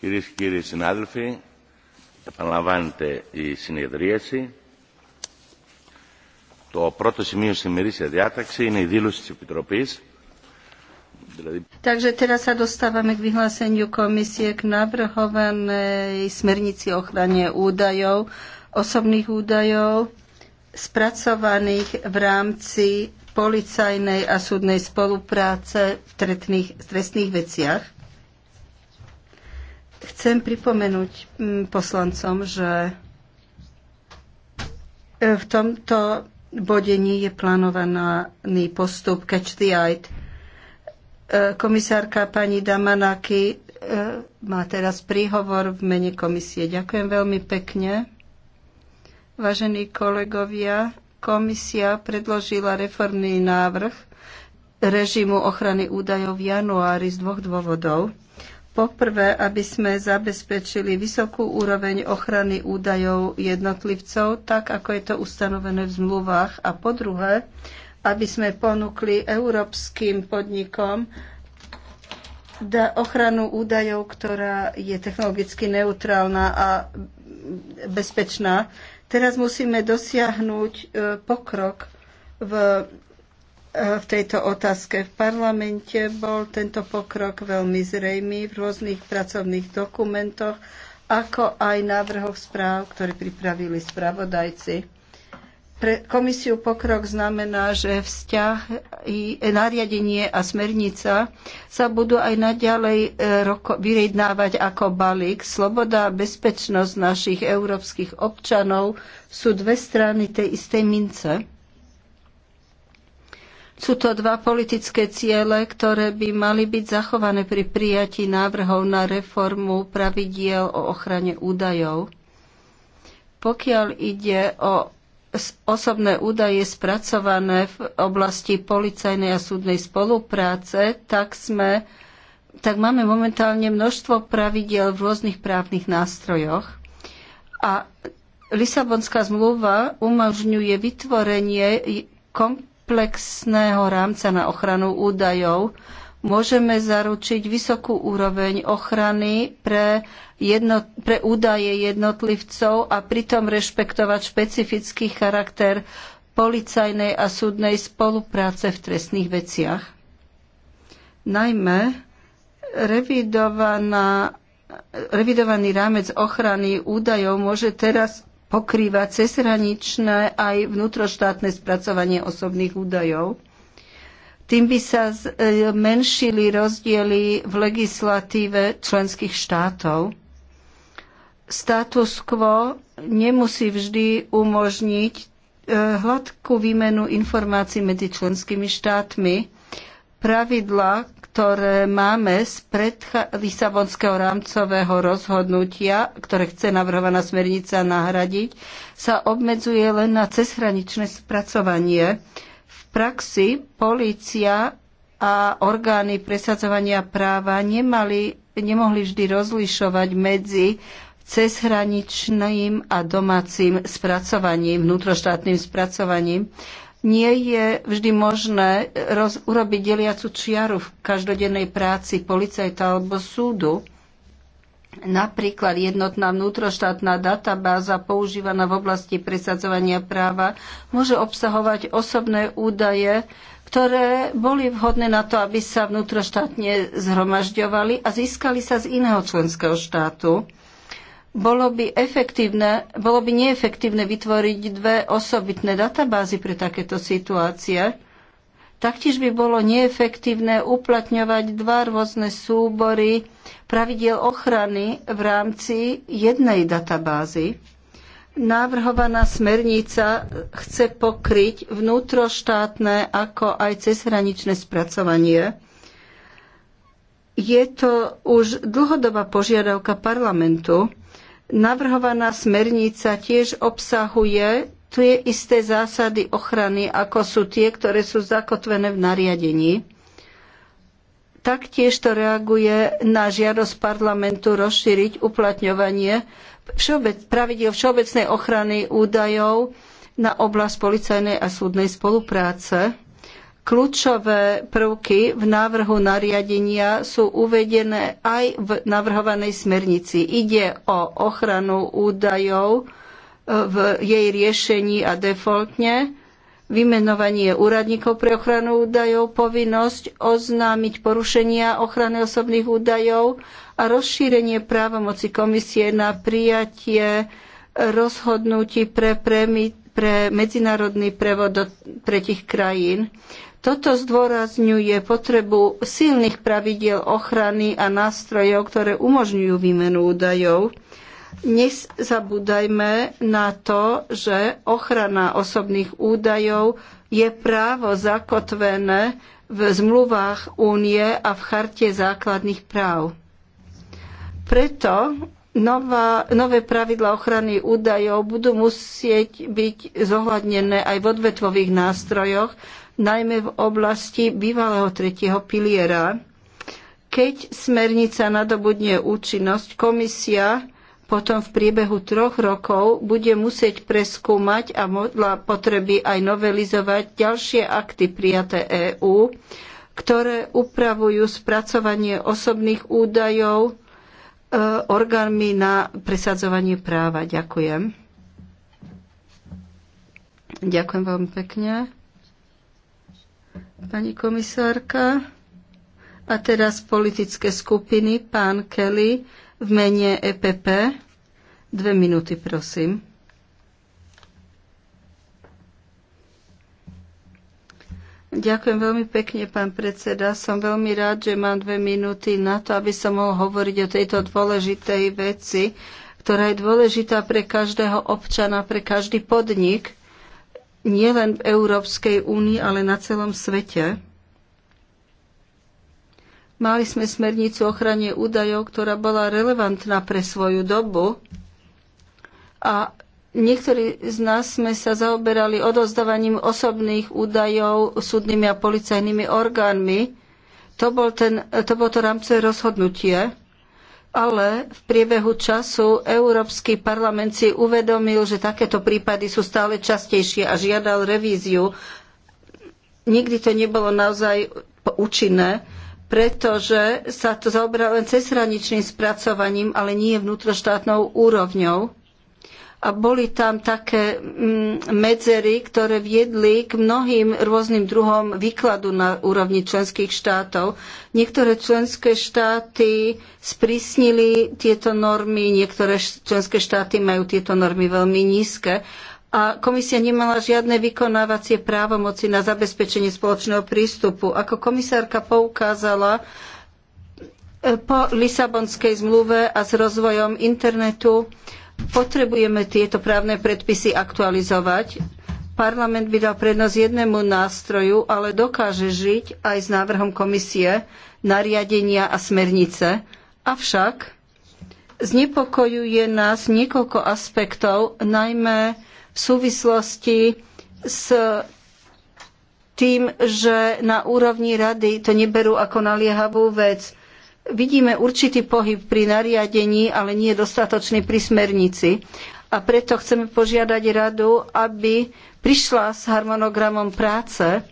Κυρίες και κύριοι συνάδελφοι, επαναλαμβάνεται η συνεδρίαση. Το πρώτο σημείο στην διάταξη είναι η δήλωση της Επιτροπής. Takže teraz sa dostávame k vyhláseniu komisie k navrhovanej smernici o ochrane údajov, osobných údajov, spracovaných v rámci policajnej a súdnej spolupráce v trestných, trestných veciach. Chcem pripomenúť mm, poslancom, že e, v tomto bodení je plánovaný postup Catch the Eye. E, komisárka pani Damanaki e, má teraz príhovor v mene komisie. Ďakujem veľmi pekne. Vážení kolegovia, komisia predložila reformný návrh režimu ochrany údajov v januári z dvoch dôvodov. Poprvé, aby sme zabezpečili vysokú úroveň ochrany údajov jednotlivcov, tak ako je to ustanovené v zmluvách. A po druhé, aby sme ponúkli európskym podnikom ochranu údajov, ktorá je technologicky neutrálna a bezpečná. Teraz musíme dosiahnuť e, pokrok v E, v tejto otázke. V parlamente bol tento pokrok veľmi zrejmý v rôznych pracovných dokumentoch, ako aj návrhoch správ, ktoré pripravili spravodajci. Pre komisiu pokrok znamená, že vzťah, i nariadenie a smernica sa budú aj naďalej e, roko, vyjednávať ako balík. Sloboda a bezpečnosť našich európskych občanov sú dve strany tej istej mince sú to dva politické ciele, ktoré by mali byť zachované pri prijatí návrhov na reformu pravidiel o ochrane údajov. Pokiaľ ide o osobné údaje spracované v oblasti policajnej a súdnej spolupráce, tak, sme, tak máme momentálne množstvo pravidiel v rôznych právnych nástrojoch. A Lisabonská zmluva umožňuje vytvorenie kom- komplexného rámca na ochranu údajov môžeme zaručiť vysokú úroveň ochrany pre, jedno, pre údaje jednotlivcov a pritom rešpektovať špecifický charakter policajnej a súdnej spolupráce v trestných veciach. Najmä revidovaný rámec ochrany údajov môže teraz pokrýva cezhraničné aj vnútroštátne spracovanie osobných údajov. Tým by sa zmenšili e, rozdiely v legislatíve členských štátov. Status quo nemusí vždy umožniť e, hladkú výmenu informácií medzi členskými štátmi, Pravidla, ktoré máme z predcha- Lisabonského rámcového rozhodnutia, ktoré chce navrhovaná smernica nahradiť, sa obmedzuje len na cezhraničné spracovanie. V praxi polícia a orgány presadzovania práva nemali, nemohli vždy rozlišovať medzi cezhraničným a domácim spracovaním, vnútroštátnym spracovaním nie je vždy možné roz, urobiť deliacu čiaru v každodennej práci policajta alebo súdu. Napríklad jednotná vnútroštátna databáza používaná v oblasti presadzovania práva môže obsahovať osobné údaje, ktoré boli vhodné na to, aby sa vnútroštátne zhromažďovali a získali sa z iného členského štátu. Bolo by, efektívne, bolo by neefektívne vytvoriť dve osobitné databázy pre takéto situácie. Taktiež by bolo neefektívne uplatňovať dva rôzne súbory pravidiel ochrany v rámci jednej databázy. Návrhovaná smernica chce pokryť vnútroštátne ako aj cezhraničné spracovanie je to už dlhodobá požiadavka parlamentu Navrhovaná smernica tiež obsahuje tie isté zásady ochrany, ako sú tie, ktoré sú zakotvené v nariadení. Taktiež to reaguje na žiadosť parlamentu rozšíriť uplatňovanie všeobec, pravidel všeobecnej ochrany údajov na oblasť policajnej a súdnej spolupráce Kľúčové prvky v návrhu nariadenia sú uvedené aj v navrhovanej smernici. Ide o ochranu údajov e, v jej riešení a defaultne, vymenovanie úradníkov pre ochranu údajov, povinnosť oznámiť porušenia ochrany osobných údajov a rozšírenie právomoci komisie na prijatie rozhodnutí pre, pre, pre medzinárodný prevod do tretich krajín. Toto zdôrazňuje potrebu silných pravidiel ochrany a nástrojov, ktoré umožňujú výmenu údajov. Nezabúdajme na to, že ochrana osobných údajov je právo zakotvené v zmluvách únie a v charte základných práv. Preto nová, nové pravidla ochrany údajov budú musieť byť zohľadnené aj v odvetvových nástrojoch, najmä v oblasti bývalého tretieho piliera. Keď smernica nadobudne účinnosť, komisia potom v priebehu troch rokov bude musieť preskúmať a modla potreby aj novelizovať ďalšie akty prijaté EÚ, ktoré upravujú spracovanie osobných údajov e, orgánmi na presadzovanie práva. Ďakujem. Ďakujem veľmi pekne pani komisárka. A teraz politické skupiny. Pán Kelly v mene EPP. Dve minúty, prosím. Ďakujem veľmi pekne, pán predseda. Som veľmi rád, že mám dve minúty na to, aby som mohol hovoriť o tejto dôležitej veci, ktorá je dôležitá pre každého občana, pre každý podnik nielen v Európskej únii, ale na celom svete. Mali sme smernicu ochrane údajov, ktorá bola relevantná pre svoju dobu a niektorí z nás sme sa zaoberali odozdávaním osobných údajov súdnymi a policajnými orgánmi. To, bol ten, to bolo to rámce rozhodnutie ale v priebehu času Európsky parlament si uvedomil, že takéto prípady sú stále častejšie a žiadal revíziu. Nikdy to nebolo naozaj účinné, pretože sa to zaoberá len cezhraničným spracovaním, ale nie vnútroštátnou úrovňou a boli tam také mm, medzery, ktoré viedli k mnohým rôznym druhom výkladu na úrovni členských štátov. Niektoré členské štáty sprísnili tieto normy, niektoré členské štáty majú tieto normy veľmi nízke a komisia nemala žiadne vykonávacie právomoci na zabezpečenie spoločného prístupu. Ako komisárka poukázala, e, po Lisabonskej zmluve a s rozvojom internetu Potrebujeme tieto právne predpisy aktualizovať. Parlament by dal prednosť jednému nástroju, ale dokáže žiť aj s návrhom komisie, nariadenia a smernice. Avšak znepokojuje nás niekoľko aspektov, najmä v súvislosti s tým, že na úrovni rady to neberú ako naliehavú vec vidíme určitý pohyb pri nariadení, ale nie dostatočný pri smernici. A preto chceme požiadať radu, aby prišla s harmonogramom práce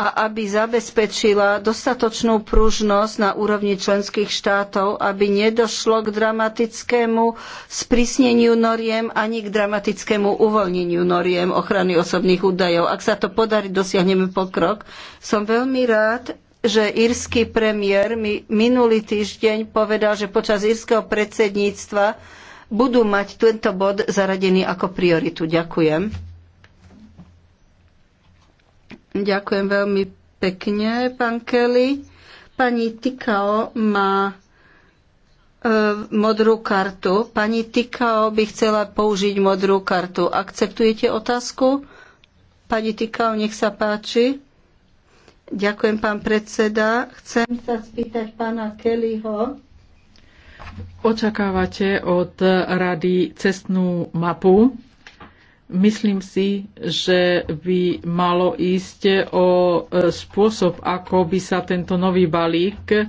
a aby zabezpečila dostatočnú pružnosť na úrovni členských štátov, aby nedošlo k dramatickému sprísneniu noriem ani k dramatickému uvoľneniu noriem ochrany osobných údajov. Ak sa to podarí, dosiahneme pokrok. Som veľmi rád, že írsky premiér mi minulý týždeň povedal, že počas írskeho predsedníctva budú mať tento bod zaradený ako prioritu. Ďakujem. Ďakujem veľmi pekne, pán Kelly. Pani Tikao má e, modrú kartu. Pani Tikao by chcela použiť modrú kartu. Akceptujete otázku? Pani Tikao, nech sa páči. Ďakujem, pán predseda. Chcem sa spýtať pána Kellyho. Očakávate od rady cestnú mapu. Myslím si, že by malo ísť o e, spôsob, ako by sa tento nový balík e,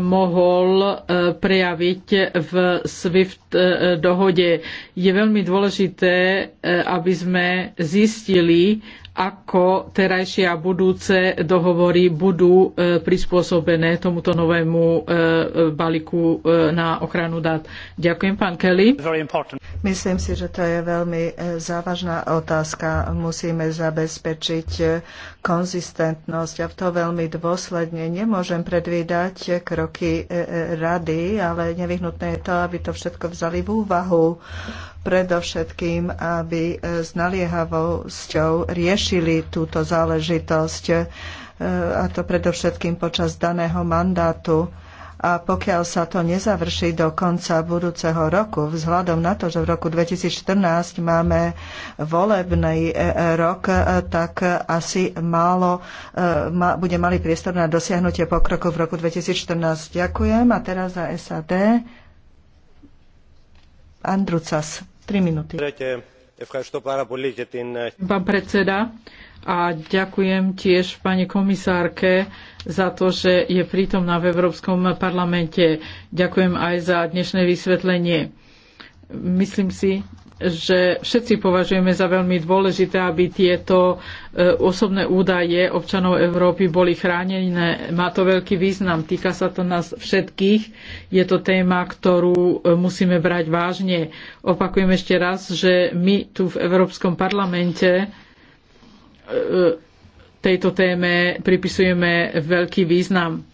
mohol e, prejaviť v SWIFT dohode. Je veľmi dôležité, aby sme zistili, ako terajšie a budúce dohovory budú e, prispôsobené tomuto novému e, e, balíku na ochranu dát. Ďakujem, pán Kelly. Myslím si, že to je veľmi závažná otázka. Musíme zabezpečiť konzistentnosť a v to veľmi dôsledne. Nemôžem predvídať kroky rady, ale nevyhnutné je to, aby to všetko vzali v úvahu. Predovšetkým, aby s naliehavosťou riešili riešili túto záležitosť, e, a to predovšetkým počas daného mandátu a pokiaľ sa to nezavrší do konca budúceho roku, vzhľadom na to, že v roku 2014 máme volebný e, e, rok, tak asi málo, bude malý priestor na dosiahnutie pokroku v roku 2014. Ďakujem a teraz za SAD. Andrucas, 3 minúty. Pán predseda, a ďakujem tiež pani komisárke za to, že je prítomná v Európskom parlamente. Ďakujem aj za dnešné vysvetlenie. Myslím si, že všetci považujeme za veľmi dôležité, aby tieto e, osobné údaje občanov Európy boli chránené. Má to veľký význam, týka sa to nás všetkých. Je to téma, ktorú e, musíme brať vážne. Opakujem ešte raz, že my tu v Európskom parlamente e, tejto téme pripisujeme veľký význam.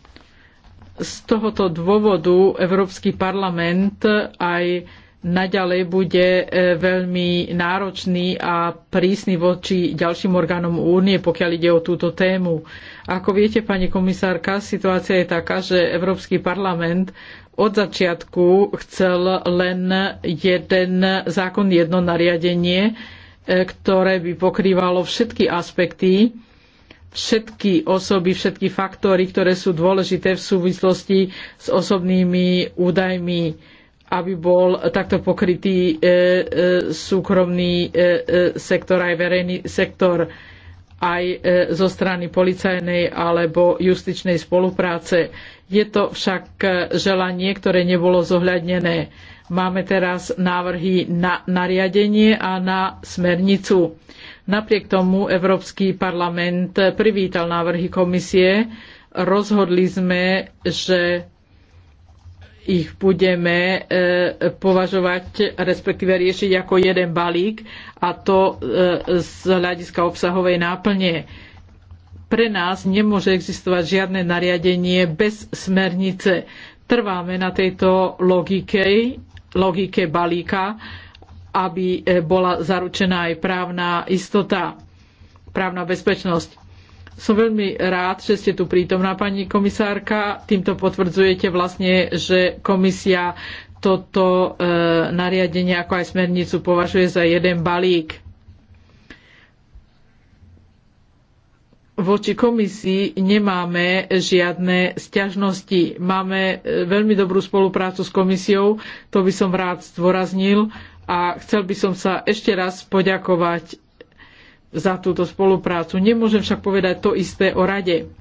Z tohoto dôvodu Európsky parlament aj naďalej bude e, veľmi náročný a prísny voči ďalším orgánom únie, pokiaľ ide o túto tému. Ako viete, pani komisárka, situácia je taká, že Európsky parlament od začiatku chcel len jeden zákon, jedno nariadenie, e, ktoré by pokrývalo všetky aspekty všetky osoby, všetky faktory, ktoré sú dôležité v súvislosti s osobnými údajmi aby bol takto pokrytý e, e, súkromný e, sektor aj verejný sektor aj zo strany policajnej alebo justičnej spolupráce. Je to však želanie, ktoré nebolo zohľadnené. Máme teraz návrhy na nariadenie a na smernicu. Napriek tomu Európsky parlament privítal návrhy komisie. Rozhodli sme, že ich budeme e, považovať, respektíve riešiť ako jeden balík a to e, z hľadiska obsahovej náplne. Pre nás nemôže existovať žiadne nariadenie bez smernice. Trváme na tejto logike, logike balíka, aby e, bola zaručená aj právna istota, právna bezpečnosť som veľmi rád, že ste tu prítomná, pani komisárka. Týmto potvrdzujete vlastne, že komisia toto e, nariadenie ako aj smernicu považuje za jeden balík. Voči komisii nemáme žiadne sťažnosti. Máme e, veľmi dobrú spoluprácu s komisiou, to by som rád zdôraznil a chcel by som sa ešte raz poďakovať za túto spoluprácu. Nemôžem však povedať to isté o rade.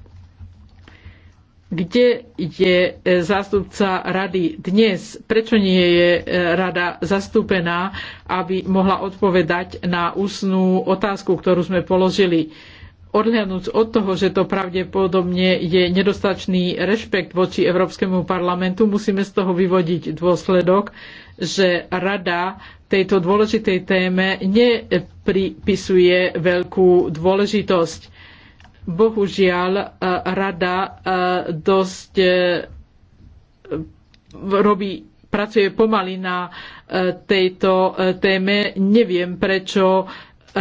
Kde je e, zástupca rady dnes? Prečo nie je e, rada zastúpená, aby mohla odpovedať na ústnú otázku, ktorú sme položili? Odhľadnúť od toho, že to pravdepodobne je nedostačný rešpekt voči Európskemu parlamentu, musíme z toho vyvodiť dôsledok, že Rada tejto dôležitej téme nepripisuje veľkú dôležitosť. Bohužiaľ, e, Rada e, dosť e, robí pracuje pomaly na tejto téme. Neviem, prečo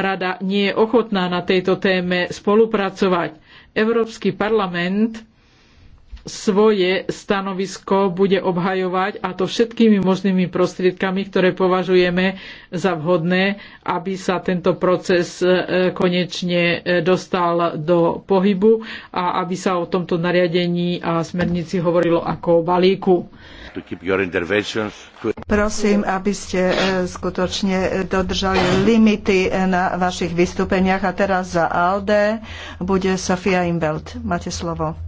rada nie je ochotná na tejto téme spolupracovať. Európsky parlament svoje stanovisko bude obhajovať a to všetkými možnými prostriedkami, ktoré považujeme za vhodné, aby sa tento proces e, konečne e, dostal do pohybu a aby sa o tomto nariadení a smernici hovorilo ako o balíku. Prosím, aby ste e, skutočne dodržali limity na vašich vystúpeniach. A teraz za ALDE bude Sofia Imbelt. Máte slovo.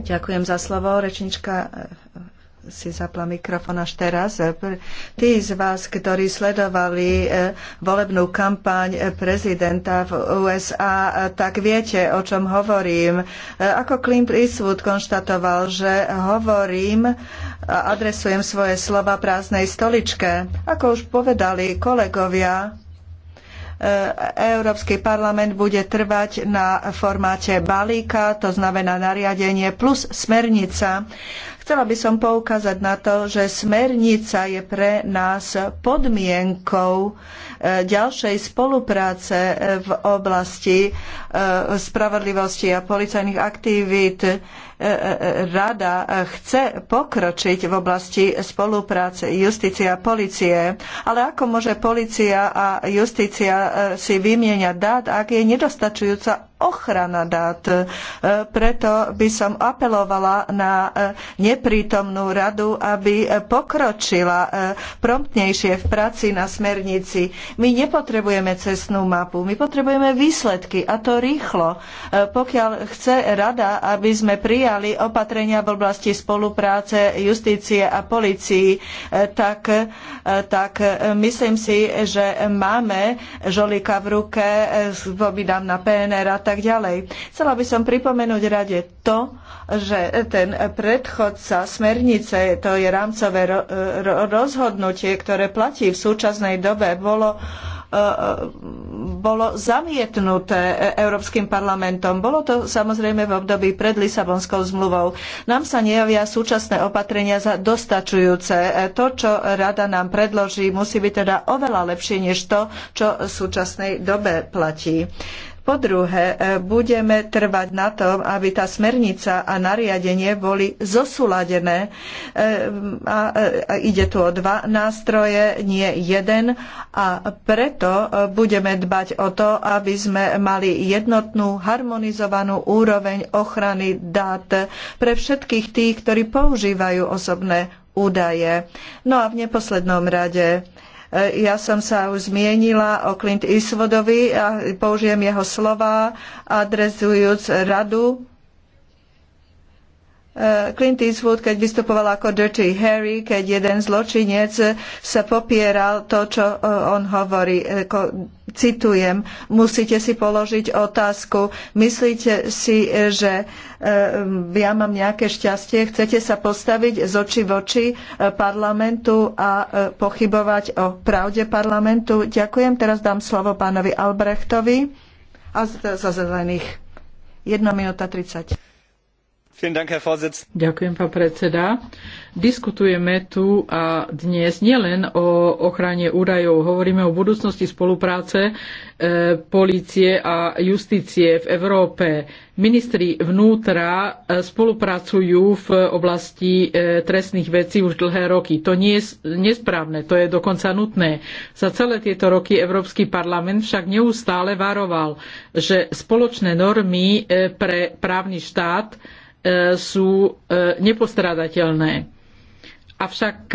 Ďakujem za slovo. Rečnička eh, si zapla mikrofon až teraz. Tí z vás, ktorí sledovali eh, volebnú kampaň prezidenta v USA, eh, tak viete, o čom hovorím. Ako Clint Eastwood konštatoval, že hovorím a adresujem svoje slova prázdnej stoličke. Ako už povedali kolegovia, E, Európsky parlament bude trvať na formáte balíka, to znamená nariadenie plus smernica. Chcela by som poukázať na to, že smernica je pre nás podmienkou ďalšej spolupráce e, v oblasti e, spravodlivosti a policajných aktivít. E, rada chce pokročiť v oblasti spolupráce justície a policie, ale ako môže policia a justícia si vymieňať dát, ak je nedostačujúca ochrana dát. Preto by som apelovala na neprítomnú radu, aby pokročila promptnejšie v práci na smernici. My nepotrebujeme cestnú mapu, my potrebujeme výsledky a to rýchlo. E, pokiaľ chce rada, aby sme prijali opatrenia v oblasti spolupráce justície a polícií, e, tak, e, tak myslím si, že máme žolika v ruke, vobidám na PNR a tak ďalej. Chcela by som pripomenúť rade to, že ten predchodca smernice, to je rámcové rozhodnutie, ktoré platí v súčasnej dobe, bolo E, e, bolo zamietnuté Európskym parlamentom. Bolo to samozrejme v období pred Lisabonskou zmluvou. Nám sa nejavia súčasné opatrenia za dostačujúce. E, to, čo rada nám predloží, musí byť teda oveľa lepšie než to, čo v súčasnej dobe platí. Po druhé, e, budeme trvať na tom, aby tá smernica a nariadenie boli zosúladené. E, e, a ide tu o dva nástroje, nie jeden. A preto budeme dbať o to, aby sme mali jednotnú, harmonizovanú úroveň ochrany dát pre všetkých tých, ktorí používajú osobné údaje. No a v neposlednom rade E, ja som sa už zmienila o Clint Eastwoodovi a použijem jeho slova, adresujúc radu e, Clint Eastwood, keď vystupoval ako Dirty Harry, keď jeden zločinec sa popieral to, čo e, on hovorí citujem, musíte si položiť otázku, myslíte si, že eh, ja mám nejaké šťastie, chcete sa postaviť z oči v oči eh, parlamentu a eh, pochybovať o pravde parlamentu. Ďakujem, teraz dám slovo pánovi Albrechtovi a za zelených. 1 minúta 30. Ďakujem, pán predseda. Diskutujeme tu a dnes nielen o ochrane údajov, hovoríme o budúcnosti spolupráce e, polície a justície v Európe. Ministri vnútra e, spolupracujú v oblasti e, trestných vecí už dlhé roky. To nie je nesprávne, to je dokonca nutné. Za celé tieto roky Európsky parlament však neustále varoval, že spoločné normy e, pre právny štát E, sú e, nepostrádateľné. Avšak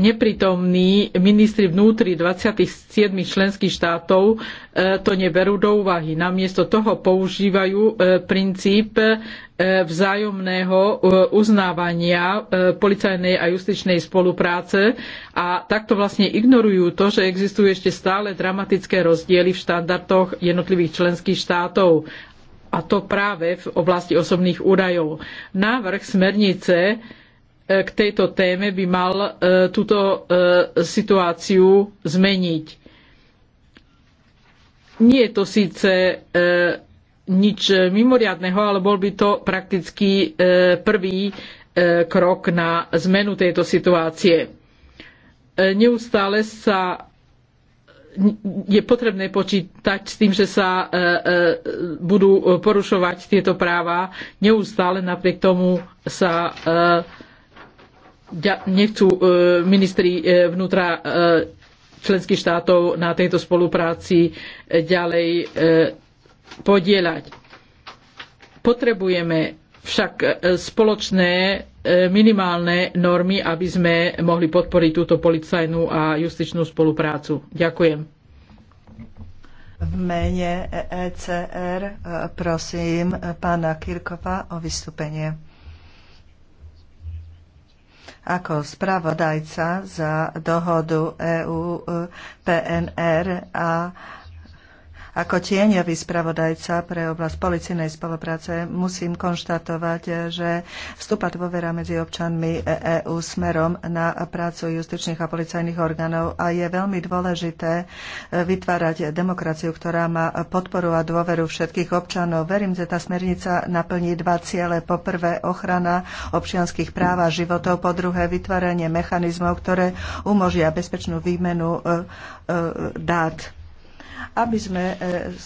neprítomní ministri vnútri 27 členských štátov e, to neberú do úvahy. Namiesto toho používajú princíp vzájomného uznávania policajnej a justičnej spolupráce a takto vlastne ignorujú to, že existujú ešte stále dramatické rozdiely v štandardoch jednotlivých členských štátov a to práve v oblasti osobných údajov. Návrh smernice e, k tejto téme by mal e, túto e, situáciu zmeniť. Nie je to síce nič mimoriadného, ale bol by to prakticky prvý krok na zmenu tejto situácie. Neustále sa je potrebné počítať s tým, že sa e, e, budú porušovať tieto práva. Neustále napriek tomu sa e, nechcú ministri vnútra členských štátov na tejto spolupráci ďalej podieľať. Potrebujeme však spoločné E, minimálne normy, aby sme mohli podporiť túto policajnú a justičnú spoluprácu. Ďakujem. V mene ECR e e, prosím pána Kirkova o vystúpenie. Ako spravodajca za dohodu EU PNR a ako tieňový spravodajca pre oblasť policijnej spolupráce musím konštatovať, že vstupa dôvera medzi občanmi EÚ e smerom na prácu justičných a policajných orgánov a je veľmi dôležité eh, vytvárať demokraciu, ktorá má podporu a dôveru všetkých občanov. Verím, že tá smernica naplní dva ciele. Po prvé, ochrana občianských práv a životov. Po druhé, vytváranie mechanizmov, ktoré umožia bezpečnú výmenu eh, eh, dát aby sme e,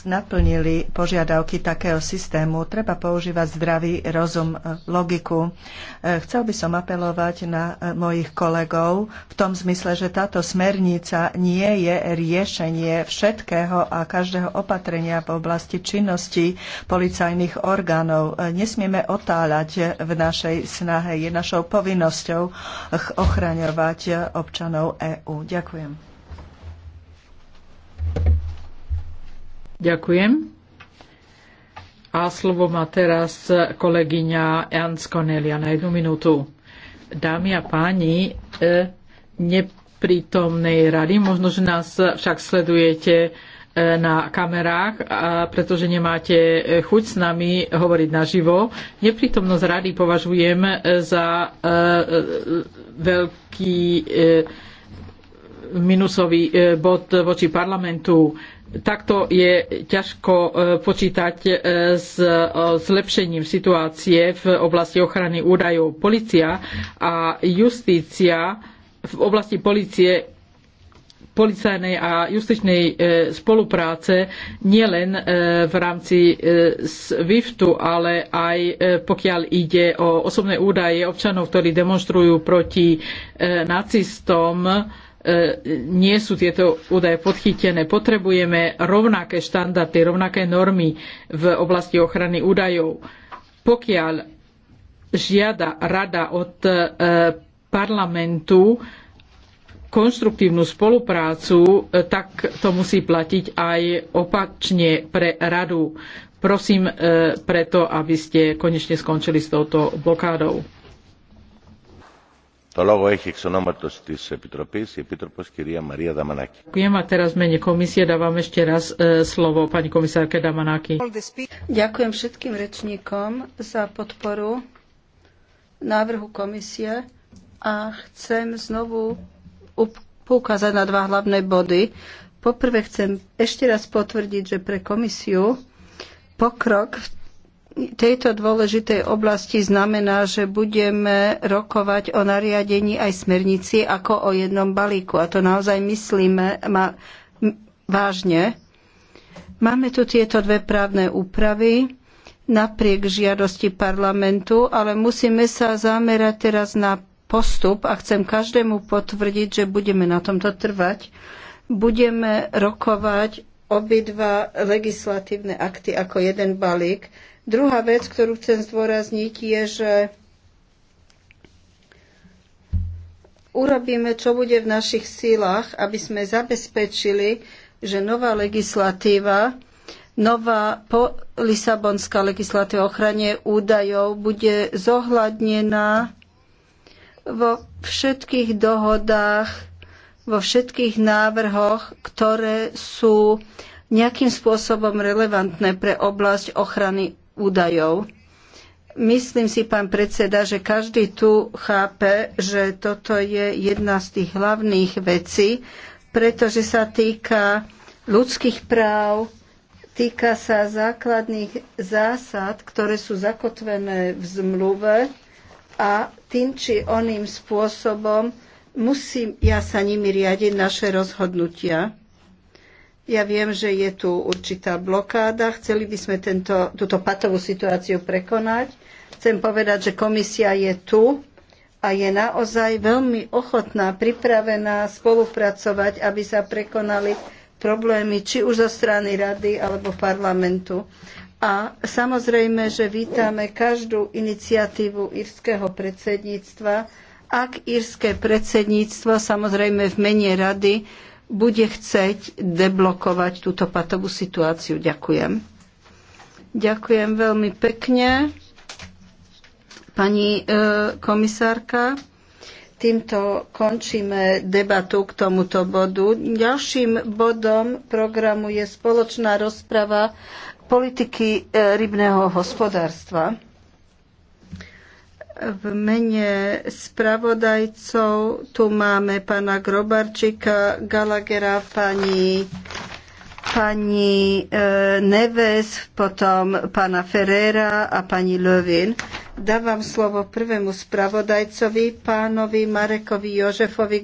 naplnili požiadavky takého systému, treba používať zdravý rozum, e, logiku. E, chcel by som apelovať na mojich kolegov v tom zmysle, že táto smernica nie je riešenie všetkého a každého opatrenia v oblasti činnosti policajných orgánov. Nesmieme otáľať v našej snahe. Je našou povinnosťou ochraňovať občanov EÚ. Ďakujem. Ďakujem. A slovo má teraz kolegyňa Ernst Cornelia na jednu minútu. Dámy a páni, e, neprítomnej rady, možno, že nás však sledujete e, na kamerách, pretože nemáte e, chuť s nami hovoriť naživo. Neprítomnosť rady považujem za veľký minusový e, bod voči parlamentu. Takto je ťažko e, počítať e, s zlepšením situácie v oblasti ochrany údajov. Polícia a justícia v oblasti policie policajnej a justičnej spolupráce nielen v rámci SWIFTu, ale aj pokiaľ ide o osobné údaje občanov, ktorí demonstrujú proti nacistom, E, nie sú tieto údaje podchytené. Potrebujeme rovnaké štandardy, rovnaké normy v oblasti ochrany údajov. Pokiaľ žiada rada od e, parlamentu konštruktívnu spoluprácu, e, tak to musí platiť aj opačne pre radu. Prosím preto, aby ste konečne skončili s touto blokádou. Ďakujem a teraz mene komisie dávam ešte raz e, slovo pani komisárke Damanaki. Ďakujem všetkým rečníkom za podporu návrhu komisie a chcem znovu poukázať na dva hlavné body. Poprvé chcem ešte raz potvrdiť, že pre komisiu pokrok v tejto dôležitej oblasti znamená, že budeme rokovať o nariadení aj smernici ako o jednom balíku. A to naozaj myslíme ma, vážne. Máme tu tieto dve právne úpravy napriek žiadosti parlamentu, ale musíme sa zamerať teraz na postup a chcem každému potvrdiť, že budeme na tomto trvať. Budeme rokovať obidva legislatívne akty ako jeden balík. Druhá vec, ktorú chcem zdôrazniť, je, že urobíme, čo bude v našich sílach, aby sme zabezpečili, že nová legislatíva, nová lisabonská legislatíva o ochrane údajov bude zohľadnená vo všetkých dohodách, vo všetkých návrhoch, ktoré sú nejakým spôsobom relevantné pre oblasť ochrany údajov. Myslím si, pán predseda, že každý tu chápe, že toto je jedna z tých hlavných vecí, pretože sa týka ľudských práv, týka sa základných zásad, ktoré sú zakotvené v zmluve a tým či oným spôsobom musím ja sa nimi riadiť naše rozhodnutia. Ja viem, že je tu určitá blokáda. Chceli by sme tento, túto patovú situáciu prekonať. Chcem povedať, že komisia je tu a je naozaj veľmi ochotná, pripravená spolupracovať, aby sa prekonali problémy či už zo strany rady alebo parlamentu. A samozrejme, že vítame každú iniciatívu írskeho predsedníctva, ak írske predsedníctvo samozrejme v mene rady bude chceť deblokovať túto patovú situáciu. Ďakujem. Ďakujem veľmi pekne, pani e, komisárka. Týmto končíme debatu k tomuto bodu. Ďalším bodom programu je spoločná rozprava politiky e, rybného hospodárstva. V mene spravodajcov tu máme pána Grobarčika, Galagera, pani, pani e, Neves, potom pána Ferrera a pani Lövin. Dávam slovo prvému spravodajcovi, pánovi Marekovi Jožefovi